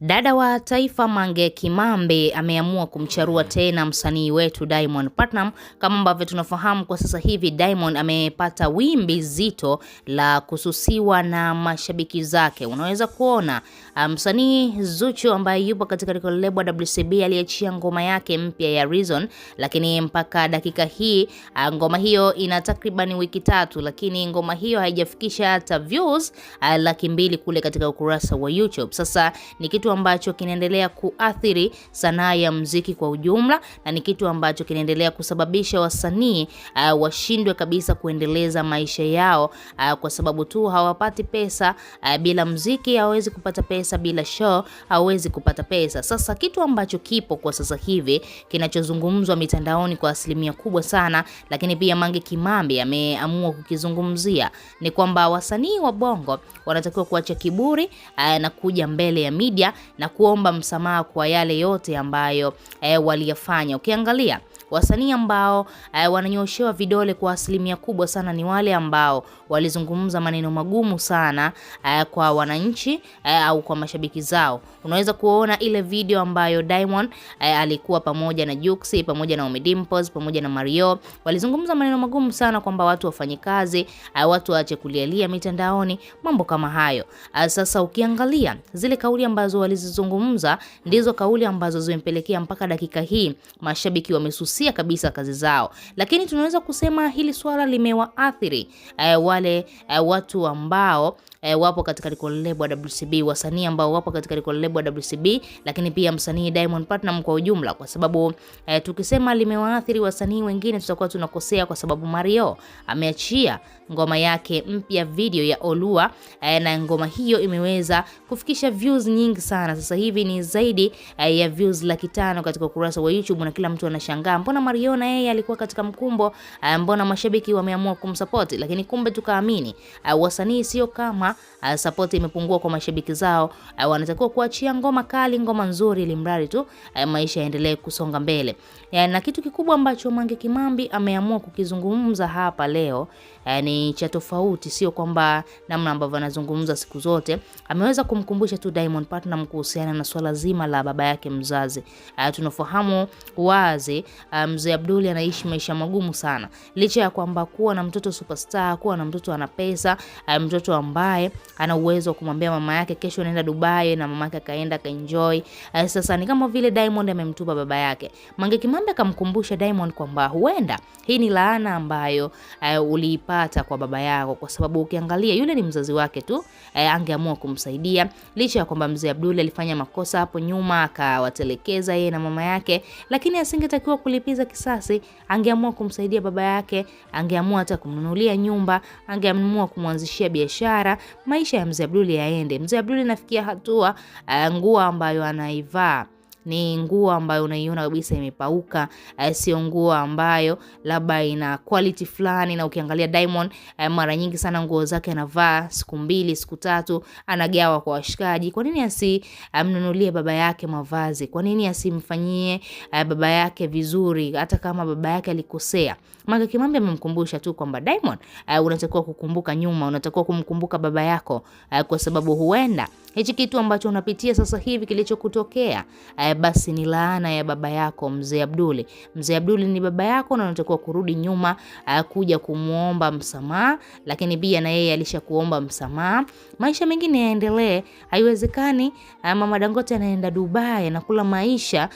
Dada wa taifa Mange Kimambe ameamua kumcharua tena msanii wetu Diamond Platnumz. Kama ambavyo tunafahamu kwa sasa hivi, Diamond amepata wimbi zito la kususiwa na mashabiki zake. Unaweza kuona ah, msanii Zuchu ambaye yupo katika record label WCB aliachia ngoma yake mpya ya Reason, lakini mpaka dakika hii uh, ngoma hiyo ina takriban wiki tatu, lakini ngoma hiyo haijafikisha hata views uh, laki mbili kule katika ukurasa wa YouTube. Sasa ni kitu kitu ambacho kinaendelea kuathiri sanaa ya mziki kwa ujumla, na ni kitu ambacho kinaendelea kusababisha wasanii uh, washindwe kabisa kuendeleza maisha yao uh, kwa sababu tu hawapati pesa uh, bila mziki hawezi kupata pesa, bila show hawezi kupata pesa. Sasa kitu ambacho kipo kwa sasa hivi kinachozungumzwa mitandaoni kwa asilimia kubwa sana, lakini pia Mange Kimambi ameamua kukizungumzia ni kwamba wasanii wa Bongo wanatakiwa kuacha kiburi uh, na kuja mbele ya media na kuomba msamaha kwa yale yote ambayo e, waliyafanya. Ukiangalia Wasanii ambao uh, wananyoshewa vidole kwa asilimia kubwa sana ni wale ambao walizungumza maneno magumu sana uh, kwa wananchi uh, au kwa mashabiki zao. Unaweza kuona ile video ambayo Diamond uh, alikuwa pamoja na Juksi, pamoja na Ommy Dimpoz, pamoja na Mario walizungumza maneno magumu sana kwamba watu wafanye kazi uh, watu waache kulialia mitandaoni, mambo kama hayo. Uh, sasa ukiangalia zile kauli ambazo walizizungumza ndizo kauli ambazo zimepelekea mpaka dakika hii mashabiki wamesusia kususia kabisa kazi zao, lakini tunaweza kusema hili swala limewaathiri eh, wale eh, watu ambao eh, wapo katika record label ya WCB, wasanii ambao wapo katika record label ya WCB, lakini pia msanii Diamond Platnumz kwa ujumla, kwa sababu eh, tukisema limewaathiri wasanii wengine tutakuwa tunakosea, kwa sababu Mario ameachia ngoma yake mpya video ya Olua eh, na ngoma hiyo imeweza kufikisha views nyingi sana. Sasa hivi ni zaidi eh, ya views laki tano katika ukurasa wa YouTube na kila mtu anashangaa, mbona Mario na yeye alikuwa katika mkumbo eh, mbona mashabiki wameamua kumsupport? Lakini kumbe tukaamini eh, wasanii sio kama kama uh, support imepungua kwa mashabiki zao uh, wanatakiwa kuachia ngoma kali, ngoma nzuri, ili mradi tu uh, maisha yaendelee kusonga mbele. uh, na kitu kikubwa ambacho Mange Kimambi ameamua kukizungumza hapa leo uh, ni cha tofauti, sio kwamba namna ambavyo anazungumza siku zote. Ameweza kumkumbusha tu Diamond Platnumz kuhusiana na swala zima la baba yake mzazi. Uh, tunafahamu wazi uh, mzee Abduli anaishi maisha magumu sana, licha ya kwamba kuwa na mtoto superstar, kuwa na mtoto ana pesa, uh, mtoto ambaye ambaye ana uwezo wa kumwambia mama yake kesho anaenda Dubai, na mama yake akaenda kaenjoy. Eh, sasa ni kama vile Diamond amemtupa baba yake. Mange Kimambi akamkumbusha Diamond kwamba huenda hii ni laana ambayo uh, uliipata kwa baba yako, kwa sababu ukiangalia yule ni mzazi wake tu, uh, angeamua kumsaidia licha ya kwamba mzee Abdul alifanya makosa hapo nyuma akawatelekeza yeye na mama yake, lakini asingetakiwa kulipiza kisasi. Angeamua kumsaidia baba yake, angeamua hata kumnunulia nyumba, angeamua kumwanzishia biashara maisha ya mzee Abduli yaende. Mzee Abduli nafikia hatua uh, nguo ambayo anaivaa ni nguo ambayo unaiona kabisa imepauka, eh, sio nguo ambayo labda ina quality fulani. Na ukiangalia Diamond eh, mara nyingi sana nguo zake anavaa siku mbili siku tatu, anagawa kwa washikaji. Kwa nini asimnunulie eh, baba yake mavazi? Kwa nini asimfanyie baba yake vizuri, hata kama baba yake alikosea? Mange Kimambi amemkumbusha tu kwamba Diamond, unatakiwa kukumbuka nyuma, unatakiwa kumkumbuka baba yako, kwa sababu huenda hichi kitu ambacho unapitia sasa hivi kilichokutokea, eh, basi ni laana ya baba yako mzee Abduli. Mzee Abduli ni baba yako na unatakiwa kurudi nyuma eh, kuja kumuomba msamaha, lakini pia na yeye alishakuomba msamaha. Maisha mengine yaendelee. Haiwezekani eh, mama Dangote anaenda Dubai anakula maisha,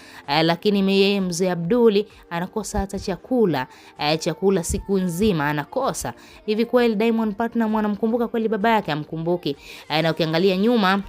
lakini yeye mzee Abduli anakosa hata chakula, chakula siku nzima anakosa. Hivi kweli Diamond Platnumz anamkumbuka kweli baba yake? Amkumbuki. Na ukiangalia nyuma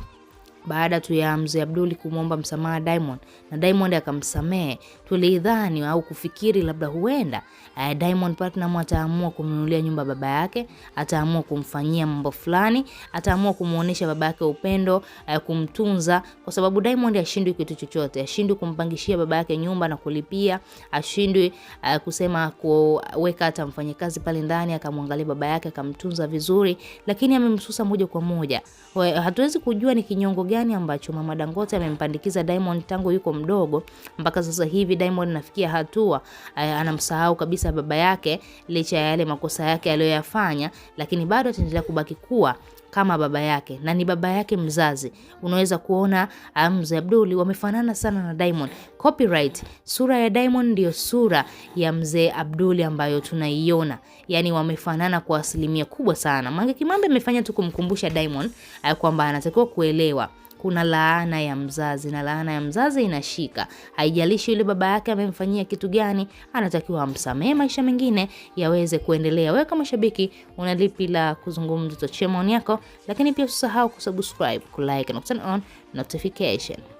baada tu ya Mzee Abduli kumwomba msamaha Diamond na Diamond akamsamehe, tulidhani au kufikiri labda huenda uh, Diamond Platinum ataamua kumnunulia nyumba baba yake, ataamua kumfanyia mambo fulani, ataamua kumuonesha baba yake upendo uh, kumtunza, kwa sababu Diamond ashindwi kitu chochote, ashindwi kumpangishia baba yake nyumba na kulipia, ashindwi uh, eh, kusema kuweka hata mfanyakazi pale ndani akamwangalia baba yake akamtunza vizuri, lakini amemsusa moja kwa moja. Hatuwezi kujua ni kinyongo gani ambacho mama Dangote amempandikiza Diamond tangu yuko mdogo mpaka sasa hivi Diamond nafikia hatua eh, anamsahau kabisa baba yake, licha ya yale makosa yake aliyoyafanya, lakini bado ataendelea kubaki kuwa kama baba yake na ni baba yake mzazi. Unaweza kuona ah, Mzee Abdul wamefanana sana na Diamond. Copyright, sura ya Diamond ndiyo sura ya Mzee Abdul ambayo tunaiona, yani wamefanana kwa asilimia kubwa sana. Mange Kimambe amefanya tu kumkumbusha Diamond ah, kwamba anatakiwa kuelewa kuna laana ya mzazi, na laana ya mzazi inashika. Haijalishi yule baba yake amemfanyia kitu gani, anatakiwa amsamehe, maisha mengine yaweze kuendelea. Wewe kama shabiki una lipi la kuzungumza? Tochea maoni yako, lakini pia usisahau kusubscribe, kulike na turn on notification.